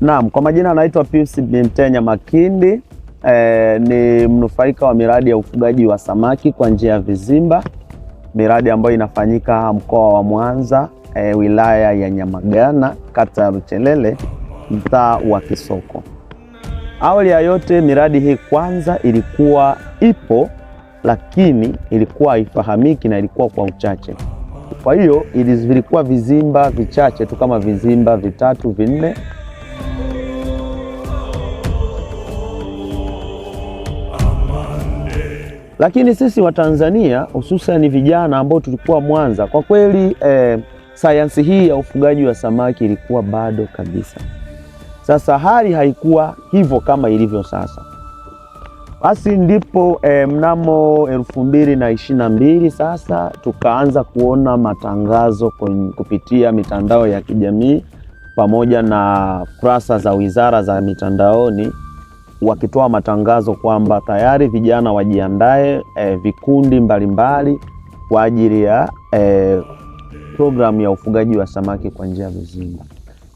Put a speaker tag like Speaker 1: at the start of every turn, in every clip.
Speaker 1: Naam, kwa majina anaitwa Pius Mtenya Makindi. E, ni mnufaika wa miradi ya ufugaji wa samaki kwa njia ya vizimba, miradi ambayo inafanyika mkoa wa Mwanza, e, wilaya ya Nyamagana, kata ya luchelele mtaa wa Kisoko. Awali ya yote, miradi hii kwanza ilikuwa ipo, lakini ilikuwa haifahamiki na ilikuwa kwa uchache. Kwa hiyo vilikuwa vizimba vichache tu kama vizimba vitatu vinne Lakini sisi Watanzania ni vijana ambao tulikuwa Mwanza, kwa kweli eh, sayansi hii ya ufugaji wa samaki ilikuwa bado kabisa. Sasa hali haikuwa hivyo kama ilivyo sasa. Basi ndipo eh, mnamo elfu mbili na ishirini na mbili sasa tukaanza kuona matangazo kupitia mitandao ya kijamii pamoja na kurasa za wizara za mitandaoni wakitoa matangazo kwamba tayari vijana wajiandae e, vikundi mbalimbali mbali, kwa ajili ya e, eh, programu ya ufugaji wa samaki kwa njia ya vizimba.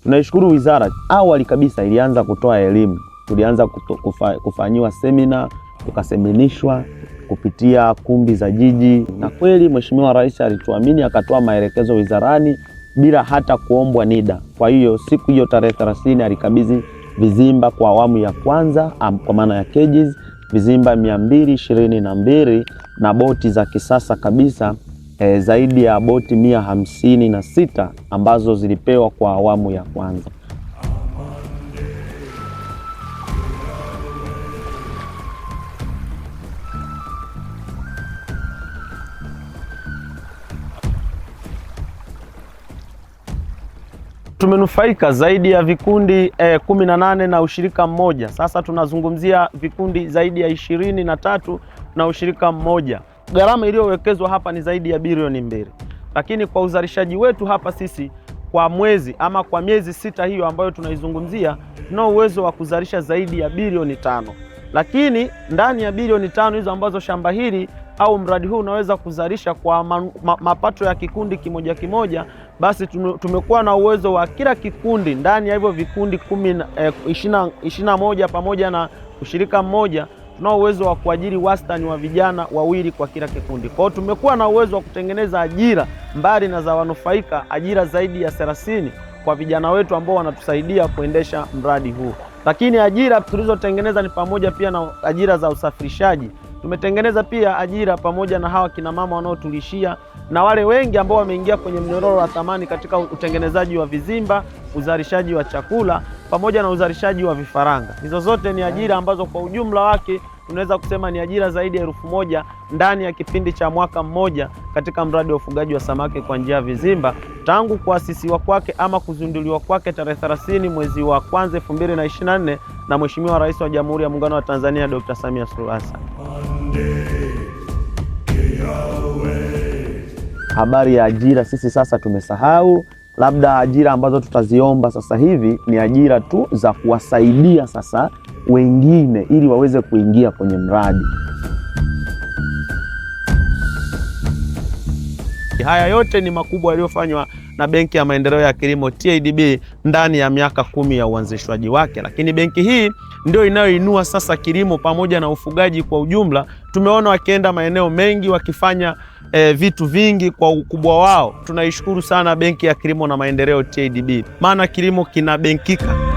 Speaker 1: Tunaishukuru wizara, awali kabisa ilianza kutoa elimu, tulianza kufa, kufanyiwa semina, tukaseminishwa kupitia kumbi za jiji, na kweli Mheshimiwa Rais alituamini akatoa maelekezo wizarani bila hata kuombwa NIDA. Kwa hiyo siku hiyo tarehe 30 alikabidhi vizimba kwa awamu ya kwanza am, kwa maana ya cages vizimba mia mbili ishirini na mbili na boti za kisasa kabisa e, zaidi ya boti mia hamsini na sita ambazo zilipewa kwa awamu ya kwanza. Tumenufaika zaidi ya vikundi eh, kumi na nane na ushirika mmoja. Sasa tunazungumzia vikundi zaidi ya ishirini na tatu na ushirika mmoja. Gharama iliyowekezwa hapa ni zaidi ya bilioni mbili, lakini kwa uzalishaji wetu hapa sisi kwa mwezi ama kwa miezi sita hiyo ambayo tunaizungumzia, tuna uwezo wa kuzalisha zaidi ya bilioni tano, lakini ndani ya bilioni tano hizo ambazo shamba hili au mradi huu unaweza kuzalisha kwa ma, ma, mapato ya kikundi kimoja kimoja, basi tumekuwa na uwezo wa kila kikundi ndani ya hivyo vikundi kumi eh, ishirini na moja pamoja na ushirika mmoja tunao uwezo wa kuajiri wastani wa vijana wawili kwa kila kikundi. Kwa hiyo tumekuwa na uwezo wa kutengeneza ajira mbali na za wanufaika, ajira zaidi ya 30 kwa vijana wetu ambao wanatusaidia kuendesha mradi huu. Lakini ajira tulizotengeneza ni pamoja pia na ajira za usafirishaji. Tumetengeneza pia ajira pamoja na hawa kina mama wanaotulishia na wale wengi ambao wameingia kwenye mnyororo wa thamani katika utengenezaji wa vizimba, uzalishaji wa chakula pamoja na uzalishaji wa vifaranga. Hizo zote ni ajira ambazo kwa ujumla wake tunaweza kusema ni ajira zaidi ya elfu moja ndani ya kipindi cha mwaka mmoja katika mradi wa ufugaji wa samaki kwa njia ya vizimba tangu kuasisiwa kwake ama kuzinduliwa kwake tarehe 30 mwezi wa kwanza 2024 na Mheshimiwa Rais wa Jamhuri ya Muungano wa Tanzania Dr. Samia Suluhu Hassan. habari ya ajira sisi sasa tumesahau. Labda ajira ambazo tutaziomba sasa hivi ni ajira tu za kuwasaidia sasa wengine ili waweze kuingia kwenye mradi.
Speaker 2: Haya yote ni makubwa yaliyofanywa na Benki ya Maendeleo ya Kilimo TADB ndani ya miaka kumi ya uanzishwaji wake, lakini benki hii ndio inayoinua sasa kilimo pamoja na ufugaji kwa ujumla. Tumeona wakienda maeneo mengi wakifanya e, vitu vingi kwa ukubwa wao. Tunaishukuru sana Benki ya Kilimo na Maendeleo TADB, maana kilimo kinabenkika.